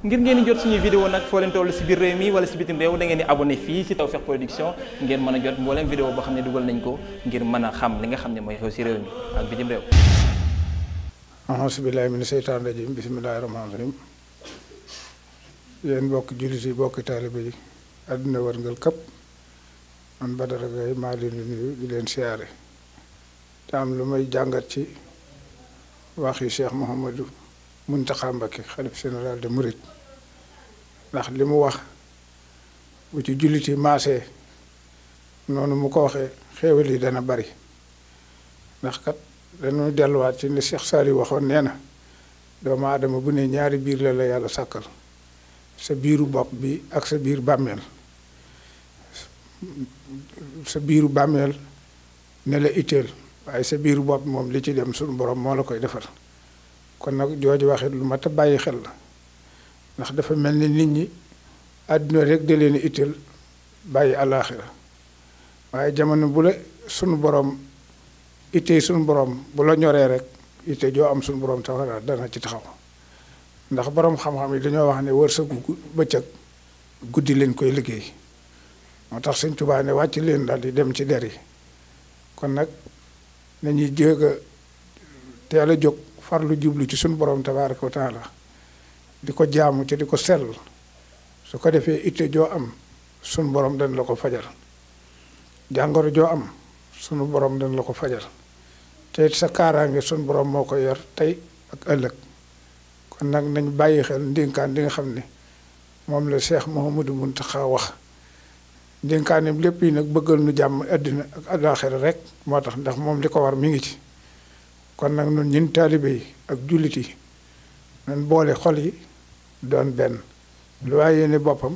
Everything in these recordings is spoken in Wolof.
ngir ngeen jot suñuy vidéo nag foo leen toll si biir réew mi wala si bitim réew da ngeen di abonné fii si Tawfekh Production ngeen mën a jot mbooleem vidéo boo xam ne dugal nañ ko ngir mën a xam li nga xam ne mooy xew si réew mi ak bitim réew aùzu billaahi mina seytaani rajiim bismillaahi bokk jullit yi bokk taalibe yi àdduna wërngal këpp leen di am lu may jàngat ci waxi Cheikh Mouhamadou Muntaxa Mbakke xalif général de Mouride ndax li mu wax bu ci julliti maasee noonu mu ko waxee xéewal yi dana bari ndax kat dañuy delluwaat ci ne Cheikh Saliou waxoon nee na doomu aadama bu ne ñaari biir la la yàlla sàkkal sa biiru bopp bi ak sa biir bàmmeel sa biiru bàmmeel ne la itteel waaye sa biiru bopp moom li ci dem suñu borom moo la koy defar kon nag jooju waxit lu mat a bàyyi xel la ndax dafa mel ni nit ñi àdduna rek da leen itteel bàyyi àllaaxira waaye jamono bu la sunu borom ittee sunu borom bu la ñoree rek ittee joo am sunu borom taxaw dana ci taxaw ndax borom xam-xam yi dañoo wax ne wërsëgu bëccëg guddi leen koy liggéey moo tax Sëñ Tuubaa ne wàcc leen daal di dem ci der yi kon nag nañuy jéeg a teel a jóg. farlu jublu ci suñu borom tabaraka wa la di ko jaamu te di ko sell su ko defee itte joo am sunu borom dañ la ko fajar jàngoro joo am sunu borom dañ la ko fajar te sa kaaraange sunu borom moo ko yor tey ak ëllëg kon nag nañ bàyyi xel ndénkaan di nga xam ne moom la Cheikh Mouhamadou Mountakha wax ndénkaaneem lépp yi nag bëggal nu jàmm àddina ak àllaaxira rek moo tax ndax moom li ko war mi ngi ci kon nag ñun ñun taalibe ak jullit yi nañ boole xol yi doon benn lu waay yéene boppam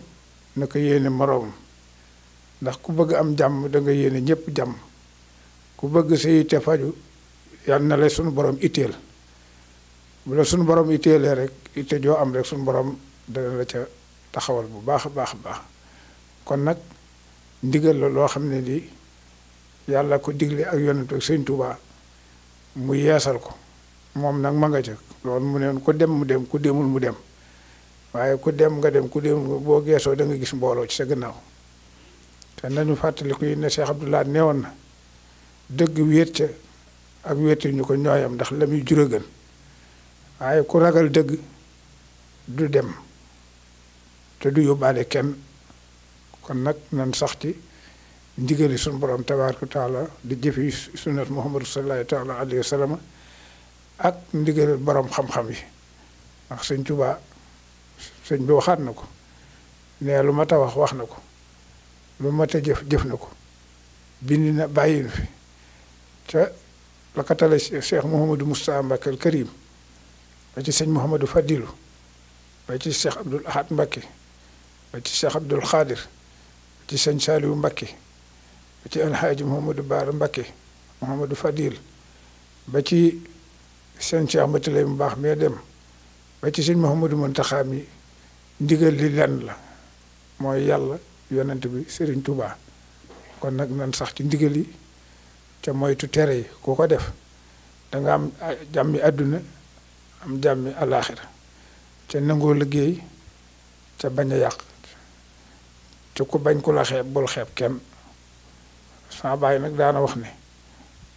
na ko yéene moroomam ndax ku bëgg am jàmm danga nga yéene ñëpp jàmm ku bëgg si yitte faju yal na la suñu boroom itteel bu la suñu borom itteelee rek itte joo am rek suñu borom dana la ca taxawal bu baax a baax a baax kon nag ndigal la loo xam ne lii yàlla ko digle ak yonent ak sëñ Tuubaa mu yeesal ko moom nag ma nga ca lool mu neen ku dem mu dem ku demul mu dem waaye ku dem nga dem ku demul boo geesoo da gis mbooloo ci sa gannaaw te nañu fàttaliku yi ne Cheikh Abdoulaye woon na dëgg wéet ca ak wéetu ñu ko ñooyam ndax la muy jura gën waaye ku ragal dëgg du dem te du yóbbaale kenn kon nag nan sax ci ndigali suñu borom tabaaraka taala di jëfi sunnat muhammadu sallallahu taala alayhi wa ak ndigal borom xam-xam yi ndax sëñ Tuubaa sëñ bi waxaat na ko ne lu mata wax wax na ko lu mat a jëf jëf na ko bind na bàyyi na fi te la ko tale Cheikh Mouhamadou Moustapha ba ci sëñ Mouhamadou Fadilou ba ci Cheikh Abdoul Ahad Mbacké ba ci Cheikh Abdoul Khadir ba ci sëñ Saliou Mbacké ba ci alxaaji Mouhamadou Baara Mbakke Mouhamadou Fadil ba ci seen Cheikh Matalay mu baax mee dem ba ci sëñ mën Mountakha mi ndigal li lenn la mooy yàlla yonent bi Serigne Touba kon nag nan sax ci ndigal yi ca moytu tere yi koo ko def danga am ah, jàmmi àdduna am jàmmi alaaxira ca nangoo liggéey ca bañ a yàq te ku bañ ku la xeeb bul xeeb kenn. sama baay nag daana wax ne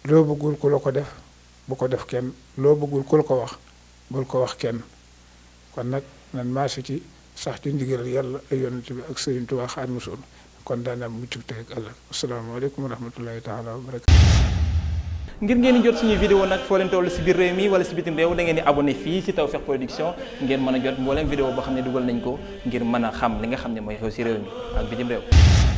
loo buggul ku ko def boo ko def kenn loo bëggul ku ko wax bul ko wax kenn kon nag nan maasi ci sax ci ndigal yàlla ay yonent bi ak Sëriñ Tuubaa Xaadimu Rasuul kon daanam mucc tey ak ëllëg asalaamaaleykum wa rahmatullahi taala wa barakatu ngir ngeen di jot suñuy vidéo nag foo leen toll si biir réew mi wala si bitim réew da ngeen di abonné fii si Tawfekh Production ngeen mën a jot mbooleem vidéo boo xam ne dugal nañ ko ngir mën a xam li nga xam ne mooy xew si réew mi ak